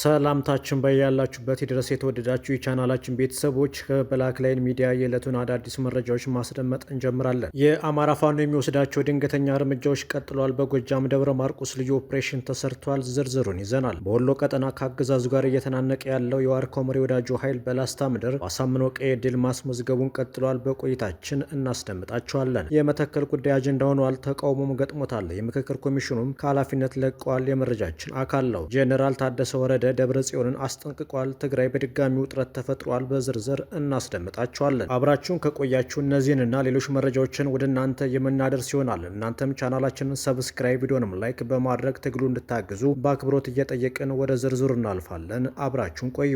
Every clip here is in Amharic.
ሰላምታችን በያላችሁበት ድረስ የተወደዳችሁ የቻናላችን ቤተሰቦች ከብላክ ላይን ሚዲያ የዕለቱን አዳዲስ መረጃዎች ማስደመጥ እንጀምራለን። የአማራ ፋኖ የሚወስዳቸው ድንገተኛ እርምጃዎች ቀጥሏል በጎጃም ደብረ ማርቆስ ልዩ ኦፕሬሽን ተሰርቷል። ዝርዝሩን ይዘናል። በወሎ ቀጠና ከአገዛዙ ጋር እየተናነቀ ያለው የዋርካው መሪ ወዳጆ ኃይል በላስታ ምድር አሳምኖ ቀይ ድል ማስመዝገቡን ቀጥሏል በቆይታችን እናስደምጣቸዋለን። የመተከል ጉዳይ አጀንዳ ሆኗል። ተቃውሞም ገጥሞታል። የምክክር ኮሚሽኑም ከኃላፊነት ለቀዋል። የመረጃችን አካል ነው። ጄኔራል ታደሰ ወረደ ከበደ ደብረ ጽዮንን አስጠንቅቋል። ትግራይ በድጋሚ ውጥረት ተፈጥሯል። በዝርዝር እናስደምጣቸዋለን። አብራችሁን ከቆያችሁ እነዚህንና ሌሎች መረጃዎችን ወደ እናንተ የምናደርስ ይሆናል። እናንተም ቻናላችንን ሰብስክራይብ፣ ቪዲዮንም ላይክ በማድረግ ትግሉ እንድታግዙ በአክብሮት እየጠየቅን ወደ ዝርዝሩ እናልፋለን። አብራችሁን ቆዩ።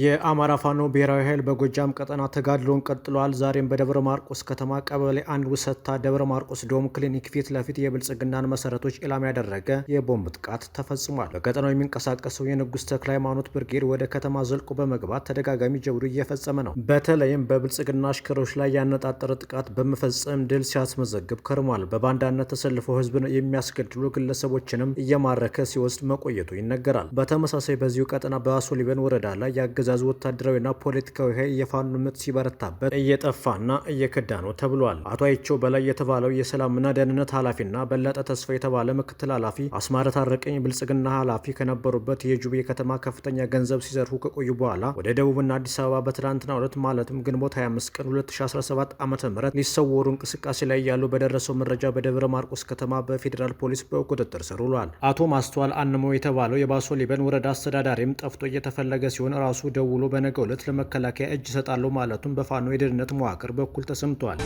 የአማራ ፋኖ ብሔራዊ ኃይል በጎጃም ቀጠና ተጋድሎን ቀጥሏል። ዛሬም በደብረ ማርቆስ ከተማ ቀበሌ አንድ ውሰታ ደብረ ማርቆስ ዶም ክሊኒክ ፊት ለፊት የብልጽግናን መሰረቶች ኢላማ ያደረገ የቦምብ ጥቃት ተፈጽሟል። በቀጠናው የሚንቀሳቀሰው የንጉሥ ተክለ ሃይማኖት ብርጌድ ወደ ከተማ ዘልቆ በመግባት ተደጋጋሚ ጀብዱ እየፈጸመ ነው። በተለይም በብልጽግና አሽከሮች ላይ ያነጣጠረ ጥቃት በመፈጸም ድል ሲያስመዘግብ ከርሟል። በባንዳነት ተሰልፈው ህዝብን የሚያስገድሉ ግለሰቦችንም እየማረከ ሲወስድ መቆየቱ ይነገራል። በተመሳሳይ በዚሁ ቀጠና በአሶሊበን ወረዳ ላይ ያገ አገዛዙ ወታደራዊና ፖለቲካዊ ኃይል የፋኖ ምት ሲበረታበት እየጠፋና እየከዳ ነው ተብሏል። አቶ አይቸው በላይ የተባለው የሰላምና ደህንነት ኃላፊና በለጠ ተስፋ የተባለ ምክትል ኃላፊ አስማረ ታረቀኝ ብልጽግና ኃላፊ ከነበሩበት የጁቤ ከተማ ከፍተኛ ገንዘብ ሲዘርፉ ከቆዩ በኋላ ወደ ደቡብና አዲስ አበባ በትናንትና ሁለት ማለትም ግንቦት 25 ቀን 2017 ዓ ም ሊሰወሩ እንቅስቃሴ ላይ ያሉ በደረሰው መረጃ በደብረ ማርቆስ ከተማ በፌዴራል ፖሊስ በቁጥጥር ስር ውሏል። አቶ ማስተዋል አንሞ የተባለው የባሶ ሊበን ወረዳ አስተዳዳሪም ጠፍቶ እየተፈለገ ሲሆን ራሱ ደውሎ በነገው ዕለት ለመከላከያ እጅ እሰጣለሁ ማለቱን በፋኖ የደህንነት መዋቅር በኩል ተሰምቷል።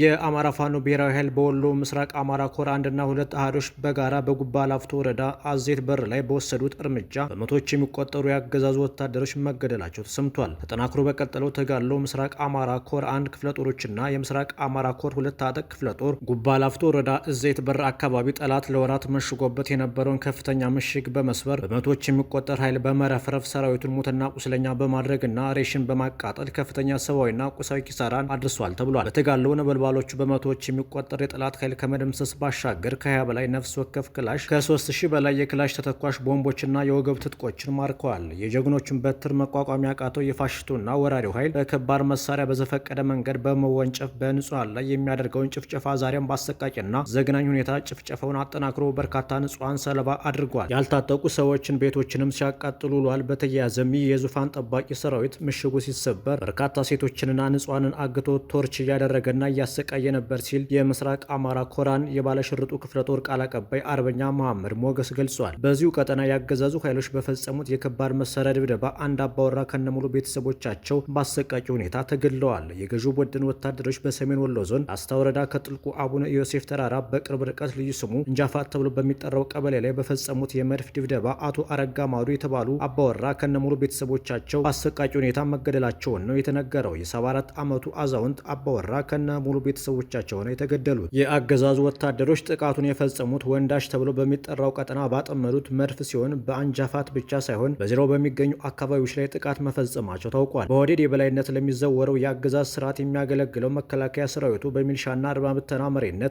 የአማራ ፋኖ ብሔራዊ ኃይል በወሎ ምስራቅ አማራ ኮር አንድና ሁለት አህዶች በጋራ በጉባ ላፍቶ ወረዳ አዜት በር ላይ በወሰዱት እርምጃ በመቶዎች የሚቆጠሩ የአገዛዙ ወታደሮች መገደላቸው ተሰምቷል። ተጠናክሮ በቀጠለው ተጋድሎ ምስራቅ አማራ ኮር አንድ ክፍለ ጦሮችና የምስራቅ አማራ ኮር ሁለት አጠቅ ክፍለ ጦር ጉባ ላፍቶ ወረዳ እዜት በር አካባቢ ጠላት ለወራት መሽጎበት የነበረውን ከፍተኛ ምሽግ በመስበር በመቶዎች የሚቆጠር ኃይል በመረፍረፍ ሰራዊቱን ሙትና ቁስለኛ በማድረግና ሬሽን በማቃጠል ከፍተኛ ሰብአዊና ቁሳዊ ኪሳራን አድርሷል ተብሏል። በተጋድሎ ነበልባ አባሎቹ በመቶዎች የሚቆጠር የጠላት ኃይል ከመደምሰስ ባሻገር ከ20 በላይ ነፍስ ወከፍ ክላሽ ከ3000 በላይ የክላሽ ተተኳሽ ቦምቦችና የወገብ ትጥቆችን ማርከዋል። የጀግኖቹን በትር መቋቋም ያቃተው የፋሽስቱና ወራሪው ኃይል በከባድ መሳሪያ በዘፈቀደ መንገድ በመወንጨፍ በንጹሐን ላይ የሚያደርገውን ጭፍጨፋ ዛሬም በአሰቃቂና ዘግናኝ ሁኔታ ጭፍጨፋውን አጠናክሮ በርካታ ንጹሐን ሰለባ አድርጓል። ያልታጠቁ ሰዎችን ቤቶችንም ሲያቃጥሉ ውሏል። በተያያዘም የዙፋን ጠባቂ ሰራዊት ምሽጉ ሲሰበር በርካታ ሴቶችንና ንጹሐንን አግቶ ቶርች እያደረገና እያ እያሰቃየ ነበር ሲል የምስራቅ አማራ ኮራን የባለሽርጡ ክፍለ ጦር ቃል አቀባይ አርበኛ መሐመድ ሞገስ ገልጿል። በዚሁ ቀጠና ያገዛዙ ኃይሎች በፈጸሙት የከባድ መሳሪያ ድብደባ አንድ አባወራ ከነሙሉ ቤተሰቦቻቸው በአሰቃቂ ሁኔታ ተገድለዋል። የገዢው ቡድን ወታደሮች በሰሜን ወሎ ዞን አስታ ወረዳ ከጥልቁ አቡነ ዮሴፍ ተራራ በቅርብ ርቀት ልዩ ስሙ እንጃፋት ተብሎ በሚጠራው ቀበሌ ላይ በፈጸሙት የመድፍ ድብደባ አቶ አረጋ ማዶ የተባሉ አባወራ ከነሙሉ ቤተሰቦቻቸው በአሰቃቂ ሁኔታ መገደላቸውን ነው የተነገረው። የ74 ዓመቱ አዛውንት አባወራ ከነሙሉ ቤተሰቦቻቸው ነው የተገደሉት። የአገዛዙ ወታደሮች ጥቃቱን የፈጸሙት ወንዳሽ ተብሎ በሚጠራው ቀጠና ባጠመዱት መድፍ ሲሆን በአንጃፋት ብቻ ሳይሆን በዙሪያው በሚገኙ አካባቢዎች ላይ ጥቃት መፈጸማቸው ታውቋል። በወዴድ የበላይነት ለሚዘወረው የአገዛዝ ስርዓት የሚያገለግለው መከላከያ ሰራዊቱ በሚልሻና አርባ ብተና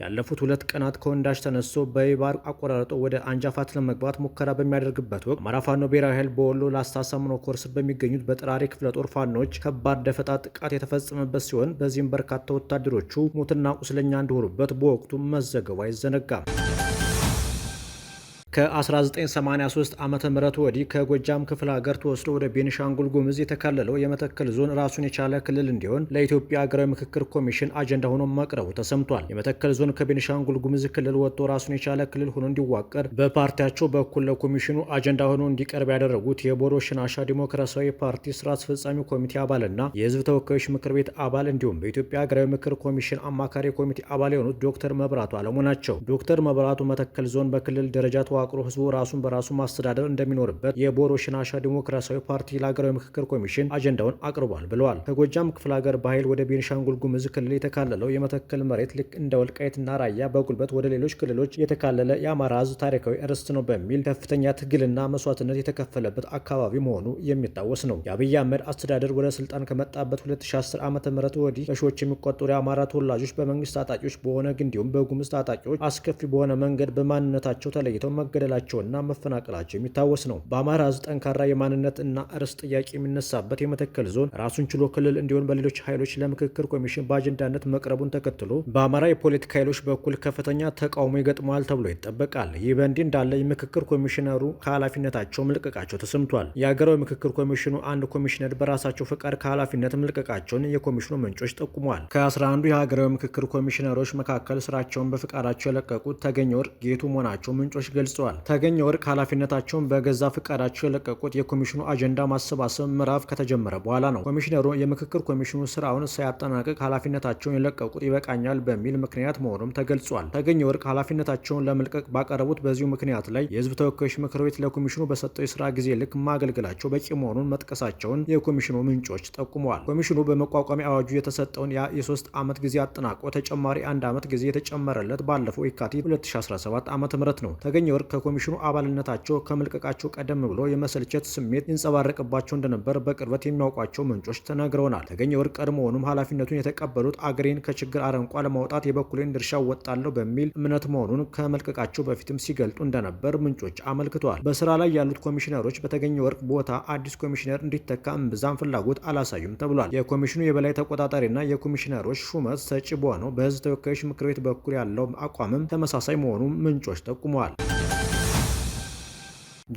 ያለፉት ሁለት ቀናት ከወንዳሽ ተነስቶ በይባር አቆራርጦ ወደ አንጃፋት ለመግባት ሙከራ በሚያደርግበት ወቅት አማራ ፋኖ ብሔራዊ ኃይል በወሎ ላስታ ሳምኖ በሚገኙት በጠራሪ ክፍለ ጦር ከባድ ደፈጣ ጥቃት የተፈጸመበት ሲሆን በዚህም በርካታ ወታደሮቹ ሞትና ቁስለኛ እንደሆኑበት በወቅቱ መዘገቡ አይዘነጋም። ከ1983 ዓ ም ወዲህ ከጎጃም ክፍለ ሀገር ተወስዶ ወደ ቤኒሻንጉል ጉምዝ የተካለለው የመተከል ዞን ራሱን የቻለ ክልል እንዲሆን ለኢትዮጵያ ሀገራዊ ምክክር ኮሚሽን አጀንዳ ሆኖ መቅረቡ ተሰምቷል። የመተከል ዞን ከቤኒሻንጉል ጉምዝ ክልል ወጥቶ ራሱን የቻለ ክልል ሆኖ እንዲዋቀር በፓርቲያቸው በኩል ለኮሚሽኑ አጀንዳ ሆኖ እንዲቀርብ ያደረጉት የቦሮ ሽናሻ ዲሞክራሲያዊ ፓርቲ ስራ አስፈጻሚ ኮሚቴ አባልና የህዝብ ተወካዮች ምክር ቤት አባል እንዲሁም በኢትዮጵያ ሀገራዊ ምክር ኮሚሽን አማካሪ ኮሚቴ አባል የሆኑት ዶክተር መብራቱ አለሙ ናቸው። ዶክተር መብራቱ መተከል ዞን በክልል ደረጃ ተዋቅሮ ህዝቡ ራሱን በራሱ ማስተዳደር እንደሚኖርበት የቦሮ ሽናሻ ዲሞክራሲያዊ ፓርቲ ለሀገራዊ ምክክር ኮሚሽን አጀንዳውን አቅርቧል ብለዋል። ከጎጃም ክፍለ ሀገር በኃይል ወደ ቤንሻንጉል ጉምዝ ክልል የተካለለው የመተከል መሬት ልክ እንደ ወልቃይትና ራያ በጉልበት ወደ ሌሎች ክልሎች የተካለለ የአማራ ህዝብ ታሪካዊ ርስት ነው በሚል ከፍተኛ ትግልና መስዋዕትነት የተከፈለበት አካባቢ መሆኑ የሚታወስ ነው። የአብይ አህመድ አስተዳደር ወደ ስልጣን ከመጣበት 2010 ዓ ም ወዲህ በሺዎች የሚቆጠሩ የአማራ ተወላጆች በመንግስት ታጣቂዎች በኦነግ እንዲሁም በጉምዝ ታጣቂዎች አስከፊ በሆነ መንገድ በማንነታቸው ተለይተው መገደላቸውና መፈናቀላቸው የሚታወስ ነው። በአማራ ህዝብ ጠንካራ የማንነት እና እርስ ጥያቄ የሚነሳበት የመተከል ዞን ራሱን ችሎ ክልል እንዲሆን በሌሎች ኃይሎች ለምክክር ኮሚሽን በአጀንዳነት መቅረቡን ተከትሎ በአማራ የፖለቲካ ኃይሎች በኩል ከፍተኛ ተቃውሞ ይገጥመዋል ተብሎ ይጠበቃል። ይህ በእንዲህ እንዳለ የምክክር ኮሚሽነሩ ከኃላፊነታቸው መልቀቃቸው ተሰምቷል። የሀገራዊ ምክክር ኮሚሽኑ አንድ ኮሚሽነር በራሳቸው ፈቃድ ከኃላፊነት መልቀቃቸውን የኮሚሽኑ ምንጮች ጠቁመዋል። 11 የሀገራዊ ምክክር ኮሚሽነሮች መካከል ስራቸውን በፈቃዳቸው የለቀቁት ተገኘ ወርቅ ጌቱ መሆናቸው ምንጮች ገልጸዋል። ገልጸዋል። ተገኘ ወርቅ ኃላፊነታቸውን በገዛ ፈቃዳቸው የለቀቁት የኮሚሽኑ አጀንዳ ማሰባሰብ ምዕራፍ ከተጀመረ በኋላ ነው። ኮሚሽነሩ የምክክር ኮሚሽኑ ስራውን ሳያጠናቅቅ ኃላፊነታቸውን የለቀቁት ይበቃኛል በሚል ምክንያት መሆኑም ተገልጿል። ተገኘ ወርቅ ኃላፊነታቸውን ለመልቀቅ ባቀረቡት በዚሁ ምክንያት ላይ የህዝብ ተወካዮች ምክር ቤት ለኮሚሽኑ በሰጠው የስራ ጊዜ ልክ ማገልገላቸው በቂ መሆኑን መጥቀሳቸውን የኮሚሽኑ ምንጮች ጠቁመዋል። ኮሚሽኑ በመቋቋሚያ አዋጁ የተሰጠውን የሶስት ዓመት ጊዜ አጠናቆ ተጨማሪ አንድ ዓመት ጊዜ የተጨመረለት ባለፈው የካቲት 2017 ዓ ም ነው። ተገኘ ወርቅ ከኮሚሽኑ አባልነታቸው ከመልቀቃቸው ቀደም ብሎ የመሰልቸት ስሜት ይንጸባረቅባቸው እንደነበር በቅርበት የሚያውቋቸው ምንጮች ተናግረውናል። ተገኘ ወርቅ ቀድሞውንም ኃላፊነቱን የተቀበሉት አገሬን ከችግር አረንቋ ለማውጣት የበኩሌን ድርሻ ወጣለሁ በሚል እምነት መሆኑን ከመልቀቃቸው በፊትም ሲገልጡ እንደነበር ምንጮች አመልክተዋል። በስራ ላይ ያሉት ኮሚሽነሮች በተገኘ ወርቅ ቦታ አዲስ ኮሚሽነር እንዲተካ እምብዛም ፍላጎት አላሳዩም ተብሏል። የኮሚሽኑ የበላይ ተቆጣጣሪና የኮሚሽነሮች ሹመት ሰጪ በሆነው በህዝብ ተወካዮች ምክር ቤት በኩል ያለው አቋምም ተመሳሳይ መሆኑን ምንጮች ጠቁመዋል።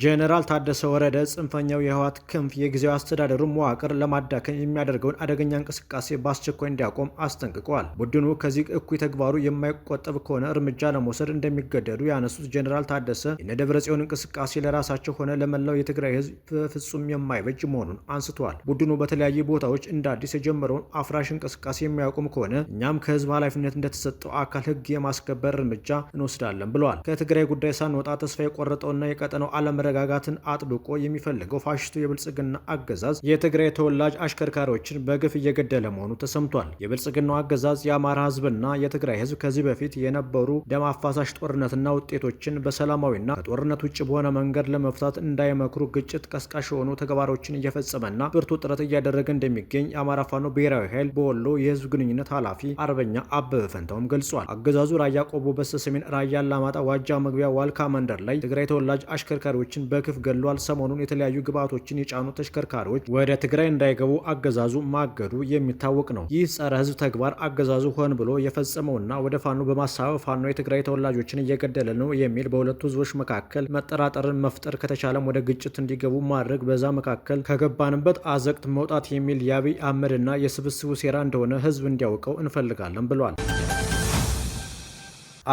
ጄኔራል ታደሰ ወረደ ጽንፈኛው የህወሓት ክንፍ የጊዜው አስተዳደሩ መዋቅር ለማዳከም የሚያደርገውን አደገኛ እንቅስቃሴ በአስቸኳይ እንዲያቆም አስጠንቅቀዋል። ቡድኑ ከዚህ እኩይ ተግባሩ የማይቆጠብ ከሆነ እርምጃ ለመውሰድ እንደሚገደዱ ያነሱት ጄኔራል ታደሰ የነደብረ ጽዮን እንቅስቃሴ ለራሳቸው ሆነ ለመላው የትግራይ ህዝብ በፍጹም የማይበጅ መሆኑን አንስተዋል። ቡድኑ በተለያዩ ቦታዎች እንደ አዲስ የጀመረውን አፍራሽ እንቅስቃሴ የሚያቆም ከሆነ እኛም ከህዝብ ኃላፊነት እንደተሰጠው አካል ህግ የማስከበር እርምጃ እንወስዳለን ብለዋል። ከትግራይ ጉዳይ ሳንወጣ ተስፋ የቆረጠውና የቀጠነው አለም መረጋጋትን አጥብቆ የሚፈልገው ፋሽስቱ የብልጽግና አገዛዝ የትግራይ ተወላጅ አሽከርካሪዎችን በግፍ እየገደለ መሆኑ ተሰምቷል። የብልጽግናው አገዛዝ የአማራ ህዝብና የትግራይ ህዝብ ከዚህ በፊት የነበሩ ደም አፋሳሽ ጦርነትና ውጤቶችን በሰላማዊና ከጦርነት ውጭ በሆነ መንገድ ለመፍታት እንዳይመክሩ ግጭት ቀስቃሽ የሆኑ ተግባሮችን እየፈጸመና ብርቱ ጥረት እያደረገ እንደሚገኝ የአማራ ፋኖ ብሔራዊ ኃይል በወሎ የህዝብ ግንኙነት ኃላፊ አርበኛ አበበ ፈንታውም ገልጿል። አገዛዙ ራያ ቆቦ በስተሰሜን ራያ አላማጣ ዋጃ መግቢያ ዋልካ መንደር ላይ ትግራይ ተወላጅ አሽከርካሪዎች ነጋዴዎችን በክፍ ገሏል። ሰሞኑን የተለያዩ ግብዓቶችን የጫኑ ተሽከርካሪዎች ወደ ትግራይ እንዳይገቡ አገዛዙ ማገዱ የሚታወቅ ነው። ይህ ጸረ ህዝብ ተግባር አገዛዙ ሆን ብሎ የፈጸመውና ወደ ፋኖ በማሳበብ ፋኖ የትግራይ ተወላጆችን እየገደለ ነው የሚል በሁለቱ ህዝቦች መካከል መጠራጠርን መፍጠር ከተቻለም ወደ ግጭት እንዲገቡ ማድረግ በዛ መካከል ከገባንበት አዘቅት መውጣት የሚል የአብይ አህመድና የስብስቡ ሴራ እንደሆነ ህዝብ እንዲያውቀው እንፈልጋለን ብሏል።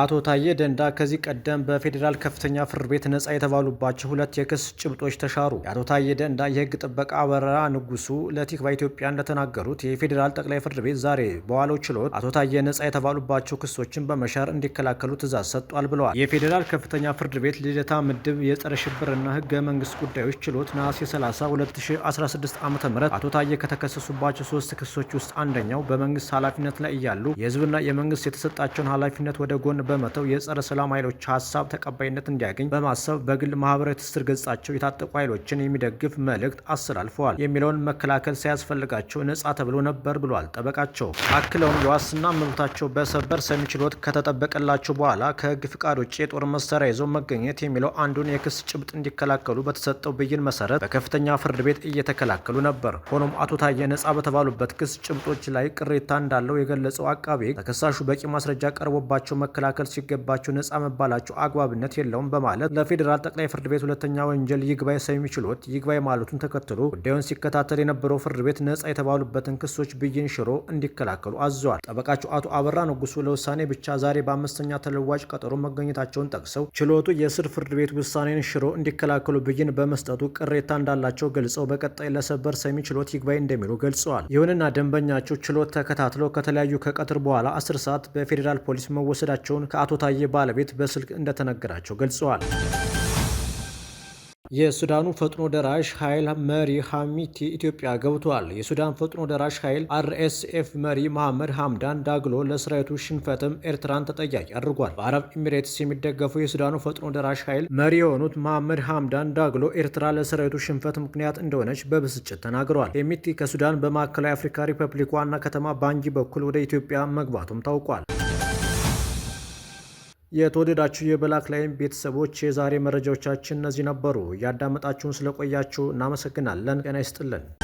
አቶ ታዬ ደንዳ ከዚህ ቀደም በፌዴራል ከፍተኛ ፍርድ ቤት ነጻ የተባሉባቸው ሁለት የክስ ጭብጦች ተሻሩ። የአቶ ታዬ ደንዳ የህግ ጥበቃ አበራ ንጉሱ ለቲክቫህ ኢትዮጵያ እንደተናገሩት የፌዴራል ጠቅላይ ፍርድ ቤት ዛሬ በዋለው ችሎት አቶ ታዬ ነጻ የተባሉባቸው ክሶችን በመሻር እንዲከላከሉ ትእዛዝ ሰጥቷል ብለዋል። የፌዴራል ከፍተኛ ፍርድ ቤት ልደታ ምድብ የጸረ ሽብርና ህገ መንግስት ጉዳዮች ችሎት ነሐሴ 30 2016 ዓ ም አቶ ታዬ ከተከሰሱባቸው ሶስት ክሶች ውስጥ አንደኛው በመንግስት ኃላፊነት ላይ እያሉ የህዝብና የመንግስት የተሰጣቸውን ኃላፊነት ወደ ጎን በመተው የጸረ ሰላም ኃይሎች ሀሳብ ተቀባይነት እንዲያገኝ በማሰብ በግል ማህበራዊ ትስስር ገጻቸው የታጠቁ ኃይሎችን የሚደግፍ መልእክት አስተላልፈዋል የሚለውን መከላከል ሳያስፈልጋቸው ነጻ ተብሎ ነበር ብሏል ጠበቃቸው። አክለውም የዋስና መብታቸው በሰበር ሰሚ ችሎት ከተጠበቀላቸው በኋላ ከህግ ፍቃድ ውጭ የጦር መሳሪያ ይዘው መገኘት የሚለው አንዱን የክስ ጭብጥ እንዲከላከሉ በተሰጠው ብይን መሰረት በከፍተኛ ፍርድ ቤት እየተከላከሉ ነበር። ሆኖም አቶ ታዬ ነጻ በተባሉበት ክስ ጭብጦች ላይ ቅሬታ እንዳለው የገለጸው አቃቤ ተከሳሹ በቂ ማስረጃ ቀርቦባቸው መከላከል መከላከል ሲገባቸው ነጻ መባላቸው አግባብነት የለውም በማለት ለፌዴራል ጠቅላይ ፍርድ ቤት ሁለተኛ ወንጀል ይግባይ ሰሚ ችሎት ይግባይ ማለቱን ተከትሎ ጉዳዩን ሲከታተል የነበረው ፍርድ ቤት ነጻ የተባሉበትን ክሶች ብይን ሽሮ እንዲከላከሉ አዘዋል። ጠበቃቸው አቶ አበራ ንጉሱ ለውሳኔ ብቻ ዛሬ በአምስተኛ ተለዋጭ ቀጠሮ መገኘታቸውን ጠቅሰው ችሎቱ የስር ፍርድ ቤት ውሳኔን ሽሮ እንዲከላከሉ ብይን በመስጠቱ ቅሬታ እንዳላቸው ገልጸው በቀጣይ ለሰበር ሰሚ ችሎት ይግባይ እንደሚሉ ገልጸዋል። ይሁንና ደንበኛቸው ችሎት ተከታትለው ከተለያዩ ከቀትር በኋላ አስር ሰዓት በፌዴራል ፖሊስ መወሰዳቸውን መሆናቸውን ከአቶ ታዬ ባለቤት በስልክ እንደተነገራቸው ገልጸዋል። የሱዳኑ ፈጥኖ ደራሽ ኃይል መሪ ሐሚቲ ኢትዮጵያ ገብቷል። የሱዳን ፈጥኖ ደራሽ ኃይል አርኤስኤፍ መሪ መሐመድ ሐምዳን ዳግሎ ለሰራዊቱ ሽንፈትም ኤርትራን ተጠያቂ አድርጓል። በአረብ ኤሚሬትስ የሚደገፉ የሱዳኑ ፈጥኖ ደራሽ ኃይል መሪ የሆኑት መሐመድ ሐምዳን ዳግሎ ኤርትራ ለሰራዊቱ ሽንፈት ምክንያት እንደሆነች በብስጭት ተናግረዋል። ሐሚቲ ከሱዳን በማዕከላዊ አፍሪካ ሪፐብሊክ ዋና ከተማ ባንጂ በኩል ወደ ኢትዮጵያ መግባቱም ታውቋል። የተወደዳችሁ የብላክ ላይም ቤተሰቦች የዛሬ መረጃዎቻችን እነዚህ ነበሩ። ያዳመጣችሁን ስለቆያችሁ እናመሰግናለን። ጤና ይስጥልን።